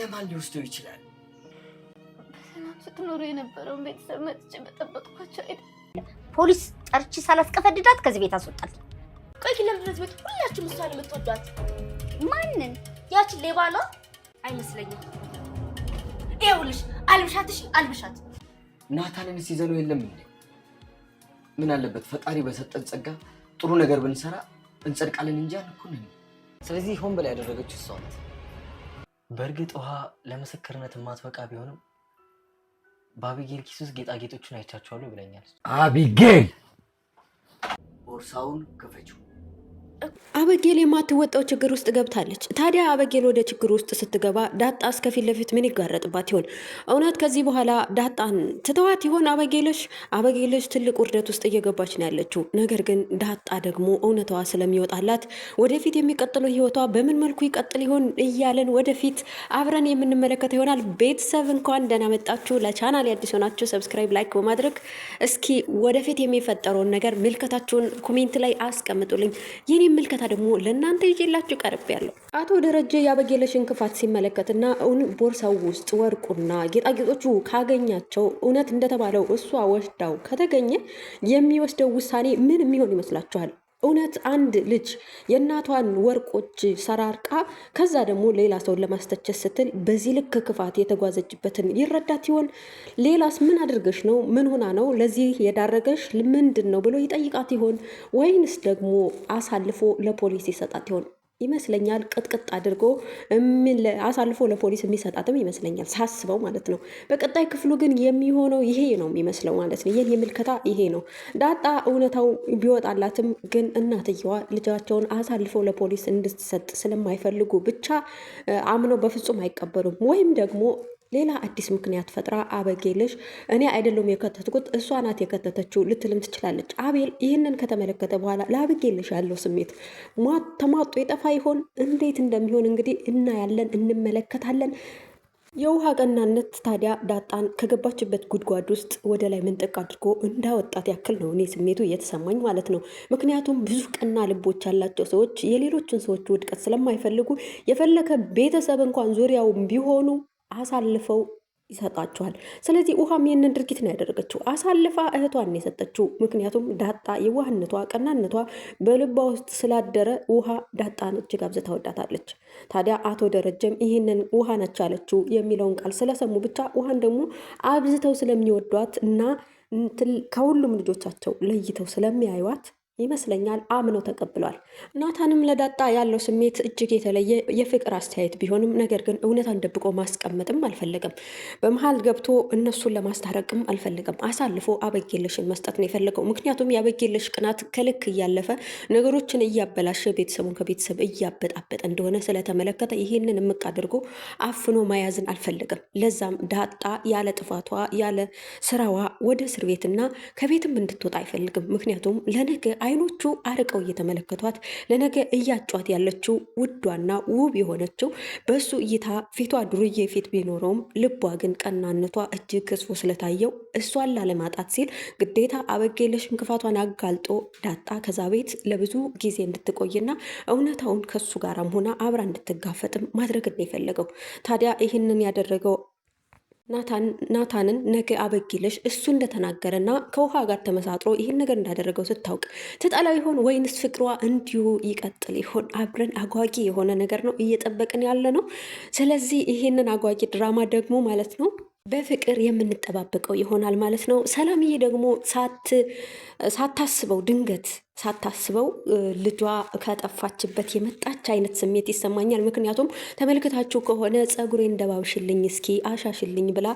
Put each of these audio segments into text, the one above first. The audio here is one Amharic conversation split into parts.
ታዲያ ማን ሊወስደው ይችላል? በሰላም ስትኖሩ የነበረውን ቤተሰብ መጥቼ በጠበጥኳቸው አይደል? ፖሊስ ጠርቼ ሳላስቀፈድዳት ከዚህ ቤት አስወጣል። ቆይ ለምድረት ቤት ሁላችሁ ምሳሌ የምትወዷት ማንን? ያችን ሌባ ነው አይመስለኝም። ይኸውልሽ አልብሻትሽ፣ አልብሻት። ናታንንስ ይዘነው የለም እንዴ? ምን አለበት ፈጣሪ በሰጠን ጸጋ ጥሩ ነገር ብንሰራ እንጸድቃለን እንጂ አንኩንን። ስለዚህ ሆን በላይ ያደረገችው እሷ ናት። በእርግጥ ውሃ ለምስክርነት የማትበቃ ቢሆንም በአቢጌል ኪስ ውስጥ ጌጣጌጦቹን አይቻቸዋለሁ ብለኛል አቢጌል ቦርሳውን ክፈችው። አበጌል የማትወጣው ችግር ውስጥ ገብታለች። ታዲያ አበጌል ወደ ችግር ውስጥ ስትገባ ዳጣ እስከፊት ለፊት ምን ይጋረጥባት ይሆን? እውነት ከዚህ በኋላ ዳጣን ትተዋት ይሆን? አበጌልሽ አበጌልሽ ትልቅ ውርደት ውስጥ እየገባች ነው ያለችው። ነገር ግን ዳጣ ደግሞ እውነቷ ስለሚወጣላት ወደፊት የሚቀጥለው ህይወቷ በምን መልኩ ይቀጥል ይሆን እያለን ወደፊት አብረን የምንመለከተው ይሆናል። ቤተሰብ እንኳን ደህና መጣችሁ። ለቻናል አዲስ ሆናችሁ ሰብስክራይብ፣ ላይክ በማድረግ እስኪ ወደፊት የሚፈጠረውን ነገር ምልከታችሁን ኮሜንት ላይ አስቀምጡልኝ። ይህንን ምልከታ ደግሞ ለእናንተ ይዤላችሁ ቀርብ ያለው አቶ ደረጀ የአበጌለሽን ክፋት ሲመለከትና እውን ቦርሳው ውስጥ ወርቁና ጌጣጌጦቹ ካገኛቸው እውነት እንደተባለው እሷ ወስዳው ከተገኘ የሚወስደው ውሳኔ ምን የሚሆን ይመስላችኋል? እውነት አንድ ልጅ የእናቷን ወርቆች ሰራርቃ ከዛ ደግሞ ሌላ ሰውን ለማስተቸት ስትል በዚህ ልክ ክፋት የተጓዘችበትን ይረዳት ይሆን? ሌላስ ምን አድርገሽ ነው? ምን ሆና ነው ለዚህ የዳረገሽ ምንድን ነው ብሎ ይጠይቃት ይሆን? ወይንስ ደግሞ አሳልፎ ለፖሊስ ይሰጣት ይሆን? ይመስለኛል ቅጥቅጥ አድርጎ አሳልፎ ለፖሊስ የሚሰጣትም ይመስለኛል ሳስበው ማለት ነው። በቀጣይ ክፍሉ ግን የሚሆነው ይሄ ነው የሚመስለው ማለት ነው። የኔ የምልከታ ይሄ ነው። ዳጣ እውነታው ቢወጣላትም ግን እናትየዋ ልጃቸውን አሳልፈው ለፖሊስ እንድትሰጥ ስለማይፈልጉ ብቻ አምነው በፍጹም አይቀበሉም ወይም ደግሞ ሌላ አዲስ ምክንያት ፈጥራ አበጌልሽ እኔ አይደለም የከተትኩት እሷ ናት የከተተችው ልትልም ትችላለች። አቤል ይህንን ከተመለከተ በኋላ ለአበጌልሽ ያለው ስሜት ተሟጦ የጠፋ ይሆን? እንዴት እንደሚሆን እንግዲህ እናያለን፣ እንመለከታለን። የውሃ ቀናነት ታዲያ ዳጣን ከገባችበት ጉድጓድ ውስጥ ወደ ላይ ምንጥቅ አድርጎ እንዳወጣት ያክል ነው እኔ ስሜቱ እየተሰማኝ ማለት ነው። ምክንያቱም ብዙ ቀና ልቦች ያላቸው ሰዎች የሌሎችን ሰዎች ውድቀት ስለማይፈልጉ የፈለከ ቤተሰብ እንኳን ዙሪያው ቢሆኑ አሳልፈው ይሰጣችኋል። ስለዚህ ውሃም ይህንን ድርጊት ነው ያደረገችው፣ አሳልፋ እህቷን የሰጠችው። ምክንያቱም ዳጣ የዋህነቷ ቀናነቷ በልቧ ውስጥ ስላደረ ውሃ ዳጣን እጅግ አብዝታ ወዳታለች። ታዲያ አቶ ደረጀም ይህንን ውሃ ነች ያለችው የሚለውን ቃል ስለሰሙ ብቻ ውሃን ደግሞ አብዝተው ስለሚወዷት እና ከሁሉም ልጆቻቸው ለይተው ስለሚያዩዋት ይመስለኛል አምኖ ተቀብሏል። ናታንም ለዳጣ ያለው ስሜት እጅግ የተለየ የፍቅር አስተያየት ቢሆንም ነገር ግን እውነታን ደብቆ ማስቀመጥም አልፈለገም። በመሀል ገብቶ እነሱን ለማስታረቅም አልፈለገም። አሳልፎ አበጌለሽን መስጠት ነው የፈለገው። ምክንያቱም የአበጌለሽ ቅናት ከልክ እያለፈ ነገሮችን እያበላሸ ቤተሰቡን ከቤተሰብ እያበጣበጠ እንደሆነ ስለተመለከተ ይህንን እምቅ አድርጎ አፍኖ መያዝን አልፈለገም። ለዛም ዳጣ ያለ ጥፋቷ ያለ ስራዋ ወደ እስር ቤትና ከቤትም እንድትወጣ አይፈልግም። ምክንያቱም ለነገ አይኖቹ አርቀው እየተመለከቷት ለነገ እያጯት ያለችው ውዷና ውብ የሆነችው በእሱ እይታ ፊቷ ዱርዬ ፊት ቢኖረውም ልቧ ግን ቀናነቷ እጅግ ክስፎ ስለታየው እሷን ላለማጣት ሲል ግዴታ አበጌለሽ እንክፋቷን አጋልጦ ዳጣ ከዛ ቤት ለብዙ ጊዜ እንድትቆይና እውነታውን ከሱ ጋራም ሆና አብራ እንድትጋፈጥም ማድረግ ነው የፈለገው። ታዲያ ይህንን ያደረገው ናታንን ነገ አበጊለሽ እሱ እንደተናገረ እና ከውሃ ጋር ተመሳጥሮ ይህን ነገር እንዳደረገው ስታውቅ ትጠላ ይሆን ወይንስ ፍቅሯ እንዲሁ ይቀጥል ይሆን? አብረን አጓጊ የሆነ ነገር ነው እየጠበቅን ያለ ነው። ስለዚህ ይህንን አጓጊ ድራማ ደግሞ ማለት ነው በፍቅር የምንጠባበቀው ይሆናል ማለት ነው። ሰላምዬ ደግሞ ሳታስበው ድንገት ሳታስበው ልጇ ከጠፋችበት የመጣች አይነት ስሜት ይሰማኛል። ምክንያቱም ተመልክታችሁ ከሆነ ጸጉሬ እንደባብሽልኝ እስኪ አሻሽልኝ ብላ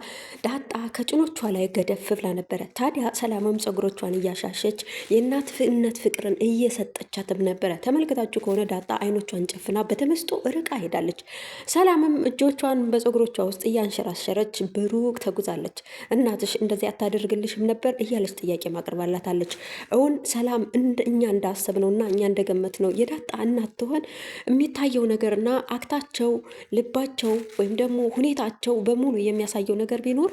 ዳጣ ከጭኖቿ ላይ ገደፍ ብላ ነበረ። ታዲያ ሰላምም ጸጉሮቿን እያሻሸች የእናትነት ፍቅርን እየሰጠቻትም ነበረ። ተመልክታችሁ ከሆነ ዳጣ አይኖቿን ጨፍና በተመስጦ ርቃ ሄዳለች። ሰላምም እጆቿን በጸጉሮቿ ውስጥ እያንሸራሸረች ብሩቅ ተጉዛለች። እናትሽ እንደዚህ አታደርግልሽም ነበር እያለች ጥያቄ ማቅርባላታለች። እውን ሰላም እኛ እንዳሰብነውና እኛ እንደገመትነው የዳጣ እናት ትሆን የሚታየው ነገርና አክታቸው ልባቸው ወይም ደግሞ ሁኔታቸው በሙሉ የሚያሳየው ነገር ቢኖር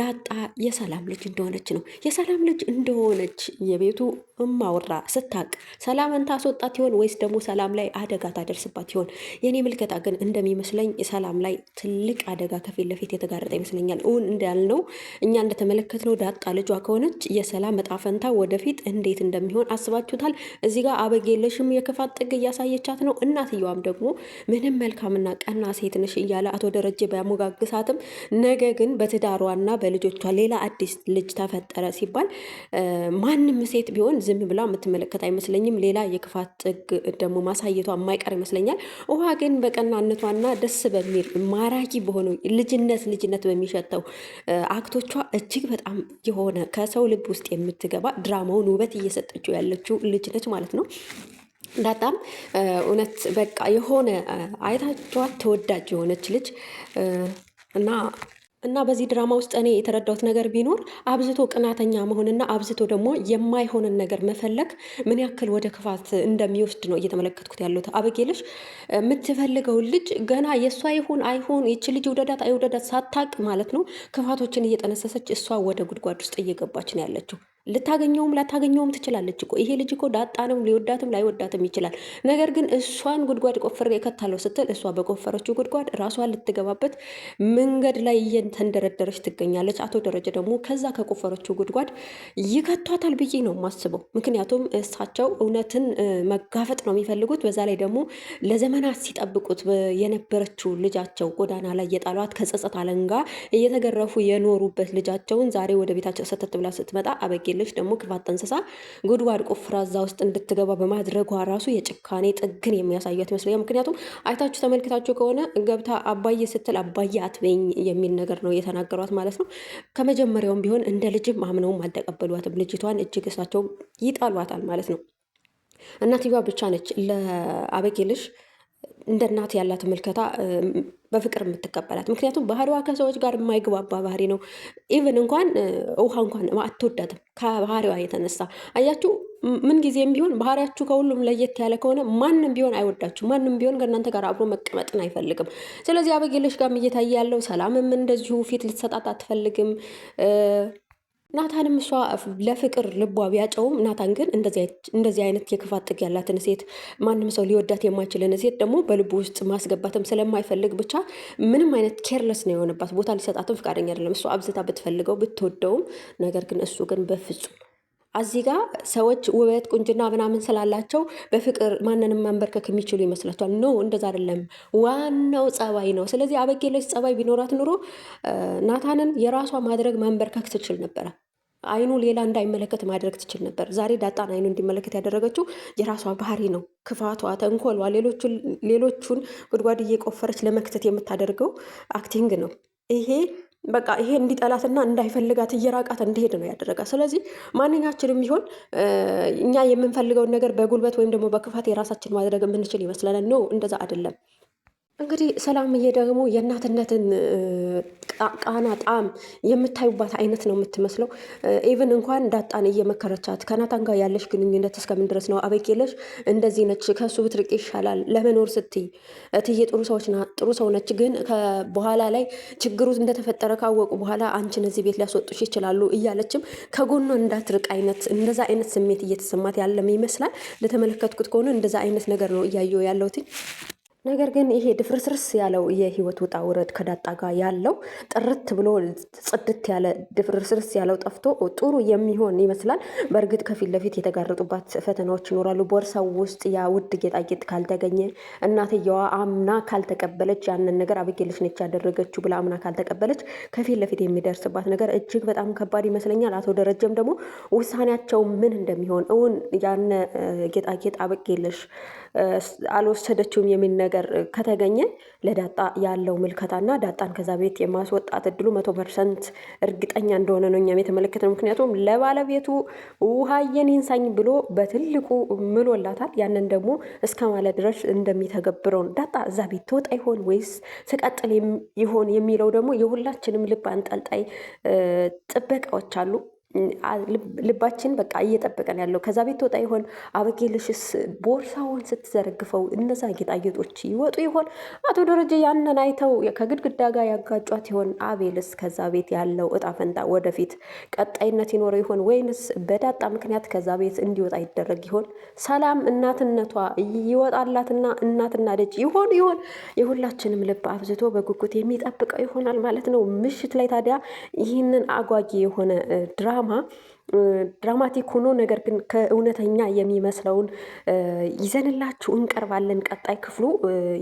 ዳጣ የሰላም ልጅ እንደሆነች ነው። የሰላም ልጅ እንደሆነች የቤቱ እማወራ ስታቅ ሰላምን ታስወጣት ይሆን ወይስ ደግሞ ሰላም ላይ አደጋ ታደርስባት ይሆን? የኔ ምልከታ ግን እንደሚመስለኝ ሰላም ላይ ትልቅ አደጋ ከፊት ለፊት የተጋረጠ ይመስለኛል። እውን እንዳልነው እኛ እንደተመለከትነው ዳጣ ልጇ ከሆነች የሰላም እጣ ፈንታ ወደፊት እንዴት እንደሚሆን አስባችሁ አይታችሁታል። እዚህ ጋር አበጌለሽም የክፋት ጥግ እያሳየቻት ነው። እናትየዋም ደግሞ ምንም መልካምና ቀና ሴት ነሽ እያለ አቶ ደረጀ ቢያሞጋግሳትም ነገ ግን በትዳሯና በልጆቿ ሌላ አዲስ ልጅ ተፈጠረ ሲባል ማንም ሴት ቢሆን ዝም ብላ የምትመለከት አይመስለኝም። ሌላ የክፋት ጥግ ደግሞ ማሳየቷ የማይቀር ይመስለኛል። ውሃ ግን በቀናነቷና ደስ በሚል ማራኪ በሆነው ልጅነት ልጅነት በሚሸተው አክቶቿ እጅግ በጣም የሆነ ከሰው ልብ ውስጥ የምትገባ ድራማውን ውበት እየሰጠችው ያለችው ልጅ ነች ማለት ነው። ዳጣም እውነት በቃ የሆነ አይታችኋት ተወዳጅ የሆነች ልጅ እና እና በዚህ ድራማ ውስጥ እኔ የተረዳሁት ነገር ቢኖር አብዝቶ ቅናተኛ መሆንና አብዝቶ ደግሞ የማይሆንን ነገር መፈለግ ምን ያክል ወደ ክፋት እንደሚወስድ ነው እየተመለከትኩት ያለሁት። አበጌለሽ የምትፈልገው ልጅ ገና የእሷ ይሁን አይሁን ይች ልጅ ውደዳት አይውደዳት ሳታቅ ማለት ነው ክፋቶችን እየጠነሰሰች እሷ ወደ ጉድጓድ ውስጥ እየገባች ነው ያለችው። ልታገኘውም ላታገኘውም ትችላለች እኮ ይሄ ልጅ እኮ ዳጣንም ሊወዳትም ላይወዳትም ይችላል። ነገር ግን እሷን ጉድጓድ ቆፍር የከታለው ስትል እሷ በቆፈረችው ጉድጓድ ራሷን ልትገባበት መንገድ ላይ እየተንደረደረች ትገኛለች። አቶ ደረጀ ደግሞ ከዛ ከቆፈረችው ጉድጓድ ይከቷታል ብዬ ነው የማስበው። ምክንያቱም እሳቸው እውነትን መጋፈጥ ነው የሚፈልጉት። በዛ ላይ ደግሞ ለዘመናት ሲጠብቁት የነበረችው ልጃቸው ጎዳና ላይ የጣሏት ከጸጸት አለንጋ እየተገረፉ የኖሩበት ልጃቸውን ዛሬ ወደ ቤታቸው ሰተት ብላ ስትመጣ አበጌ ልጅ ደግሞ ክፋት እንስሳ ጉድጓድ ቆፍራ እዛ ውስጥ እንድትገባ በማድረጓ ራሱ የጭካኔ ጥግን የሚያሳያት ይመስለኛል። ምክንያቱም አይታችሁ ተመልክታችሁ ከሆነ ገብታ አባዬ ስትል አባዬ አትበኝ የሚል ነገር ነው የተናገሯት ማለት ነው። ከመጀመሪያውም ቢሆን እንደ ልጅም አምነውም አልተቀበሏትም። ልጅቷን እጅግ እሳቸው ይጣሏታል ማለት ነው። እናትየዋ ብቻ ነች ለአበጌ እንደ እናት ያላት ምልከታ በፍቅር የምትቀበላት ምክንያቱም ባህሪዋ ከሰዎች ጋር የማይግባባ ባህሪ ነው። ኢቨን እንኳን ውሃ እንኳን አትወዳትም ከባህሪዋ የተነሳ አያችሁ። ምን ጊዜም ቢሆን ባህሪያችሁ ከሁሉም ለየት ያለ ከሆነ ማንም ቢሆን አይወዳችሁ፣ ማንም ቢሆን ከእናንተ ጋር አብሮ መቀመጥን አይፈልግም። ስለዚህ አበጌሎች ጋር እየታየ ያለው ሰላምም እንደዚሁ ፊት ልትሰጣት አትፈልግም። ናታንም እሷ ለፍቅር ልቧ ቢያጨውም ናታን ግን እንደዚህ አይነት የክፋት ጥግ ያላትን ሴት ማንም ሰው ሊወዳት የማይችልን ሴት ደግሞ በልቡ ውስጥ ማስገባትም ስለማይፈልግ ብቻ ምንም አይነት ኬርለስ ነው የሆነባት። ቦታ ሊሰጣትም ፈቃደኛ አይደለም። እሷ አብዝታ ብትፈልገው ብትወደውም፣ ነገር ግን እሱ ግን በፍጹም እዚህ ጋ ሰዎች ውበት ቁንጅና ምናምን ስላላቸው በፍቅር ማንንም ማንበርከክ የሚችሉ ይመስላቸዋል። ኖ እንደዛ አይደለም። ዋናው ጸባይ ነው። ስለዚህ አበጌለች ጸባይ ቢኖራት ኑሮ ናታንን የራሷ ማድረግ ማንበርከክ ትችል ነበረ። አይኑ ሌላ እንዳይመለከት ማድረግ ትችል ነበር። ዛሬ ዳጣን አይኑ እንዲመለከት ያደረገችው የራሷ ባህሪ ነው። ክፋቷ፣ ተንኮሏ፣ ሌሎቹን ጉድጓድ እየቆፈረች ለመክተት የምታደርገው አክቲንግ ነው ይሄ በቃ ይሄ እንዲጠላትና እንዳይፈልጋት እየራቃት እንዲሄድ ነው ያደረጋት። ስለዚህ ማንኛችንም ቢሆን እኛ የምንፈልገውን ነገር በጉልበት ወይም ደግሞ በክፋት የራሳችን ማድረግ የምንችል ይመስላል። ነው እንደዛ አይደለም። እንግዲህ ሰላምዬ ደግሞ የእናትነትን ቃና ጣም የምታዩባት አይነት ነው የምትመስለው። ኢቭን እንኳን ዳጣን እየመከረቻት ከናታን ጋር ያለሽ ግንኙነት እስከምን ድረስ ነው? አበቄለሽ እንደዚህ ነች፣ ከእሱ ብትርቅ ይሻላል ለመኖር ስትይ እትዬ ጥሩ ሰዎች ጥሩ ሰው ነች፣ ግን በኋላ ላይ ችግሩ እንደተፈጠረ ካወቁ በኋላ አንቺን እዚህ ቤት ሊያስወጡሽ ይችላሉ እያለችም ከጎኗ እንዳትርቅ አይነት እንደዛ አይነት ስሜት እየተሰማት ያለም ይመስላል። ለተመለከትኩት ከሆነ እንደዛ አይነት ነገር ነው እያየው ያለውትኝ ነገር ግን ይሄ ድፍርስርስ ያለው የህይወት ውጣ ውረድ ከዳጣ ጋር ያለው ጥርት ብሎ ጽድት ያለ ድፍርስርስ ያለው ጠፍቶ ጥሩ የሚሆን ይመስላል። በእርግጥ ከፊት ለፊት የተጋረጡባት ፈተናዎች ይኖራሉ። ቦርሳው ውስጥ ያ ውድ ጌጣጌጥ ካልተገኘ፣ እናትየዋ አምና ካልተቀበለች፣ ያንን ነገር አብጌልሽ ነች ያደረገችው ብላ አምና ካልተቀበለች፣ ከፊት ለፊት የሚደርስባት ነገር እጅግ በጣም ከባድ ይመስለኛል። አቶ ደረጀም ደግሞ ውሳኔያቸው ምን እንደሚሆን እውን ያነ ጌጣጌጥ አብጌልሽ አልወሰደችውም የሚነገ ነገር ከተገኘ ለዳጣ ያለው ምልከታና ዳጣን ከዛ ቤት የማስወጣት እድሉ መቶ ፐርሰንት እርግጠኛ እንደሆነ ነው እኛም ነው። ምክንያቱም ለባለቤቱ ውሃዬን ይንሳኝ ብሎ በትልቁ ምሎላታል። ያንን ደግሞ እስከ ማለት ድረስ እንደሚተገብረውን ዳጣ እዛ ቤት ትወጣ ይሆን ወይስ ትቀጥል ይሆን የሚለው ደግሞ የሁላችንም ልብ አንጠልጣይ ጥበቃዎች አሉ። ልባችን በቃ እየጠበቀን ያለው ከዛ ቤት ትወጣ ይሆን? አበጌልሽስ ቦርሳውን ስትዘረግፈው እነዛ ጌጣጌጦች ይወጡ ይሆን? አቶ ደረጀ ያንን አይተው ከግድግዳ ጋር ያጋጯት ይሆን? አቤልስ ከዛ ቤት ያለው እጣ ፈንታ ወደፊት ቀጣይነት ይኖረው ይሆን? ወይንስ በዳጣ ምክንያት ከዛ ቤት እንዲወጣ ይደረግ ይሆን? ሰላም እናትነቷ ይወጣላትና እናትና ልጅ ይሆን ይሆን? የሁላችንም ልብ አብዝቶ በጉጉት የሚጠብቀው ይሆናል ማለት ነው። ምሽት ላይ ታዲያ ይህንን አጓጊ የሆነ ድራ ድራማ ድራማቲክ ሆኖ ነገር ግን ከእውነተኛ የሚመስለውን ይዘንላችሁ እንቀርባለን። ቀጣይ ክፍሉ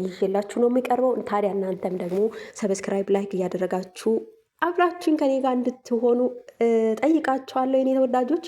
ይዤላችሁ ነው የሚቀርበው። ታዲያ እናንተም ደግሞ ሰብስክራይብ፣ ላይክ እያደረጋችሁ አብራችን ከኔ ጋር እንድትሆኑ ጠይቃችኋለሁ የኔ ተወዳጆች።